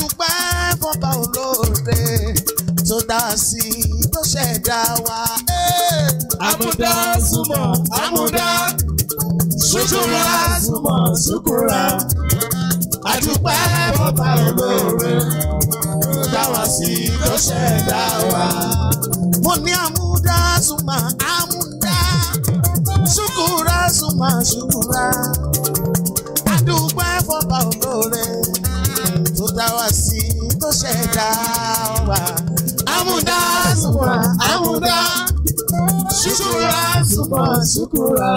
dúpẹ́ fọ́ba olóore tó dá sí i tó ṣẹ̀dá wa. àmúdá súnmọ́ àmúdá ṣùkúrà súnmọ́ ṣùkúrà àdúpẹ́ fọ́ba olóore tó dá wa sí i tó ṣẹ̀dá wa. mo ní àmúdá súnmọ́ àmúdá ṣùkúrà súnmọ́ ṣùkúrà àdúpẹ́ fọ́ba olóore dá wa sí tó ṣẹ̀dá wa. Amúdá sùpà amúdá ṣùkúrà sùpà ṣùkúrà.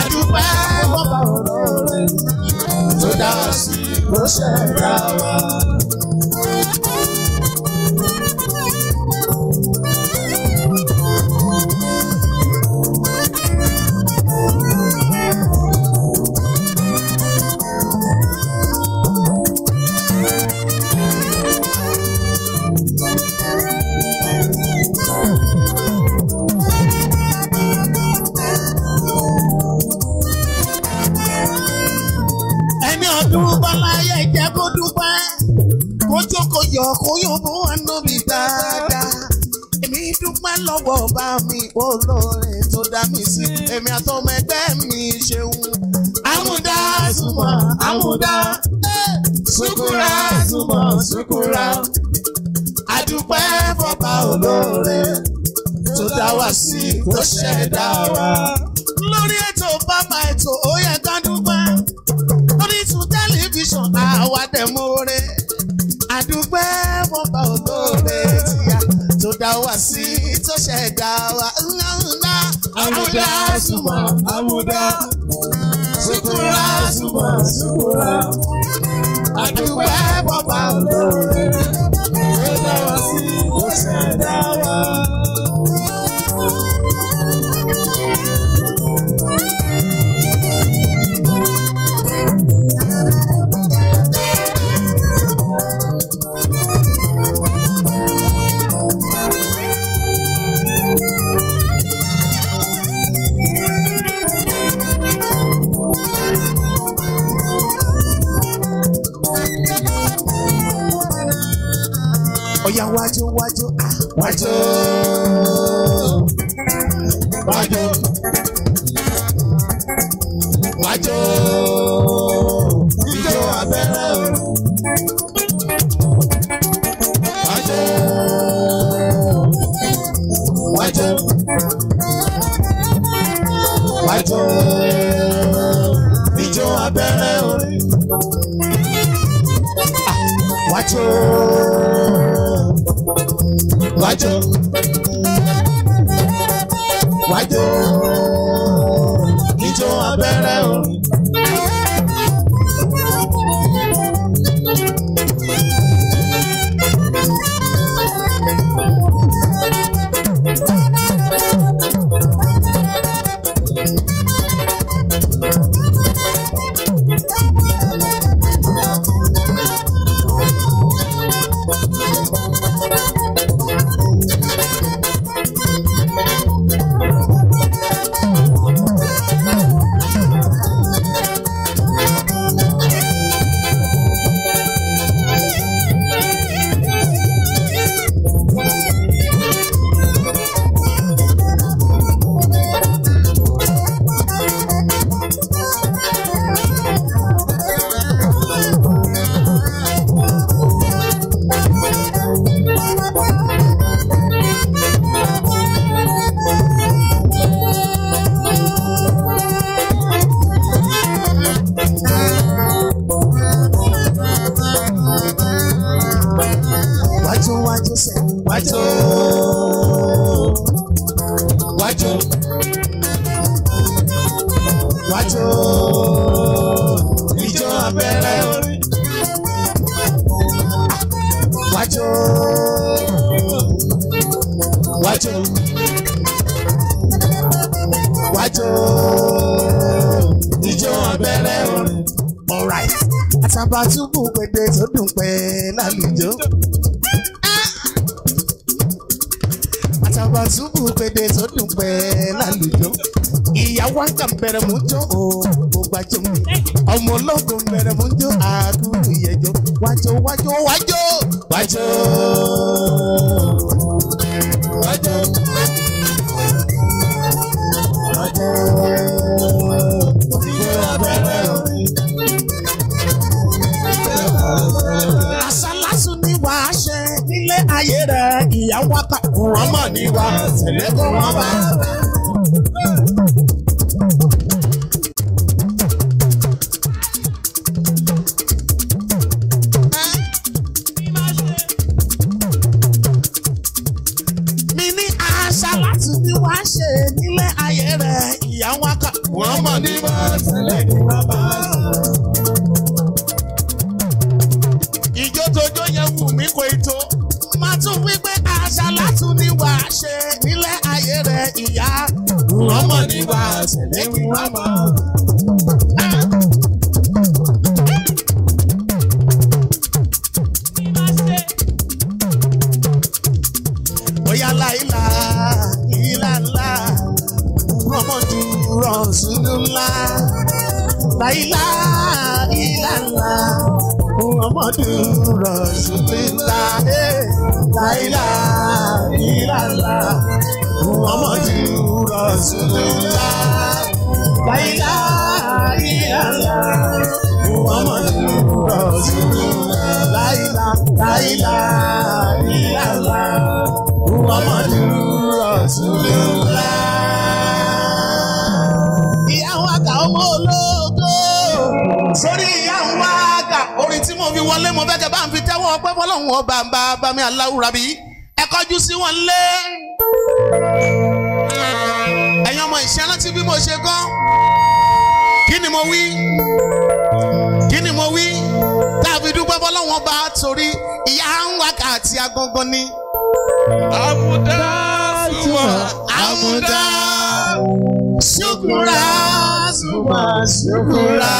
Àdúpẹ́ bọ́bá ọ̀rọ̀ rẹ̀ tó dá wa sí tó ṣẹ̀dá wa. ayé ìjẹ́ kó dúpẹ́ kó jókòó yọ kó yóò mú àánú mi dáadáa. èmi dúpẹ́ lọ́wọ́ bá mi olóore tó dá mi sí èmi àtọmọ ẹgbẹ́ mi ṣeun. àmúdá sùmọ̀ àmúdá sùkúrà sùmọ̀ sùkúrà àdúpẹ́ fọ́ba olóore tó dá wa sí tó ṣẹ̀dá wa. lórí ètò bàbá ètò ó yẹ àdẹ̀móore àdúgbẹ́ wọn bá olóore tìyà tó dá wa sí tó ṣẹ̀dá wa ńlá ńlá. àmúdá súnmọ́ àmúdá sùkúrà súnmọ́ sùkúrà àdúgbẹ́ wọn bá olóore. Wacho. Wacho. Wacho. Ijó abẹ́rẹ́ o. Wacho. Wacho. Wacho. Ijó abẹ́rẹ́ o. Ah, Wacho wájọ wájọ ijó abẹ́rẹ́ orin. wájú wájú sẹ. wájú wájú wájú ìjọ abẹ́rẹ́ orí wájú wájú wájú ìjọ abẹ́rẹ́ orí. All right. Àtàbàtúbù. bàbá ṣubú pèdè sódùn pẹ́ lálùjọ. ìyàwó àkàn bẹ̀rẹ̀ mú jọ o kò gbàjọ mi. ọmọ ọlọ́gùn bẹ̀rẹ̀ mú jọ àdúrú ìyẹjọ. wájọ wájọ wájọ wájọ wájọ. Let's go, Mama. ilá ìlànà muhammadu rasulila laila ilala muhammadu rasulila laila ilala muhammadu rasulila laila laila ilala muhammadu rasulila. pé mo fẹ́ kẹ́ bá ń fi tẹ́wọ́ ọpẹ́ fọlọ́hún ọba bá bá mi aláwùrà bí ẹ kọjú sí wọn lé. ẹ̀yin ọmọ ìṣẹ́ rántí bí mo ṣe kọ́ kí ni mo wí kí ni mo wí tá a fi dúpẹ́ fọlọ́hún ọba torí ìyá ń wákàtí agangan ni. àmúdá sùnmọ́ àmúdá sùkúrà sùnmọ́ sùkúrà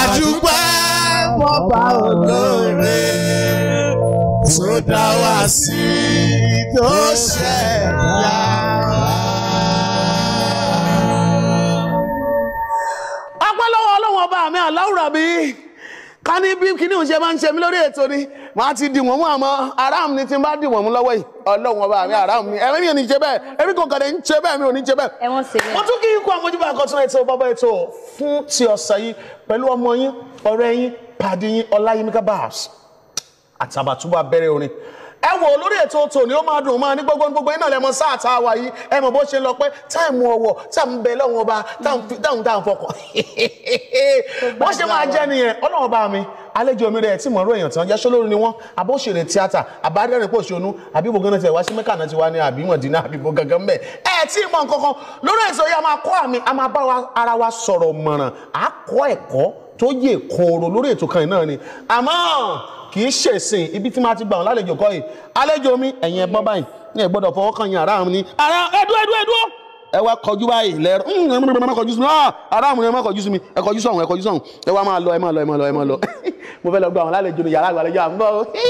àdúgbò ọba olóore tó dá wa sí tó ṣẹ̀dá. ọpẹ́ lọ́wọ́ ọlọ́wọ́n ọba mi àláwùrà mi ká ní bí kíní òun ṣe máa ń ṣe mí lórí ètò ni màá ti dìwọ̀n mú àmọ́ aráàmù ni tí bá dìwọ̀n mú lọ́wọ́ yìí ọlọ́run ọba mi aráàmù ni ẹ̀mí mi ò ní ṣe bẹ́ẹ̀ ẹ̀mí kò kàdé ń ṣe bẹ́ẹ̀ mi ò ní ṣe bẹ́ẹ̀. ẹ̀wọ̀n sì ni. mo tún kí n kó àmójúbà àkọsílẹ̀ ètò bàbá ètò fún ti ọ̀sẹ̀ yìí pẹ̀lú ọmọ yín ọ̀rẹ́ yín pàdé yín ọláyímíkà bars àtàbàtúbà bẹ̀rẹ̀ orin ẹ wò lórí ètò ni ó máa dùn máa ní gbogbo gbogbo iná lẹmọ sáà tá a wà yìí ẹ mọ bó ṣe lọ pé táìmù ọwọ táìmù bẹ lọ́wọ́ ọba táìmù táìmù fọkàn bó ṣe máa jẹ nìyẹn Ọlọ́run bá mi àlejò mi rẹ tí mọ̀ọ́rọ̀ èèyàn tán yẹsọ́ lórí ni wọ́n abóṣèré tíátà àbádẹ́rìn pòṣónú àbíbo gánà tiẹ̀ wá sí mẹ́kànnà tiwa ní àbímọ̀dínà àbíbo gangan mẹ́ ẹ tí mọ̀ nǹkan kan lórí ètò yìí a máa kọ́ àmì a máa bá ara wa sọ̀rọ̀ mọ̀ràn àkọ́ ẹ̀kọ́ tó yè kòòrò lórí ètò kan náà ni àmọ́ kì í ṣèsìn ibi tí máa ti gbà wọn lálejò kọ́ yìí àlejò mi ẹ̀yin ẹ̀gbọ́n báyìí ní ẹ̀gbọ́dọ̀ fọwọ́ kan yín ara mi ni ara ẹ̀dú ẹ̀dú ẹ̀dú ẹ wá kọjú báyìí lẹ́rọ hmm, ẹ má kọjú sí mi ah, ara mi ẹ má kọjú sí mi ẹ kọjú sọ̀hún ẹ kọjú sọ̀hún ẹ wá máa lọ ẹ máa lọ ẹ máa lọ ẹ máa lọ mo fẹ́ lọ gbà wọn lálejò ní yàrá àgbàlejò à ń bọ̀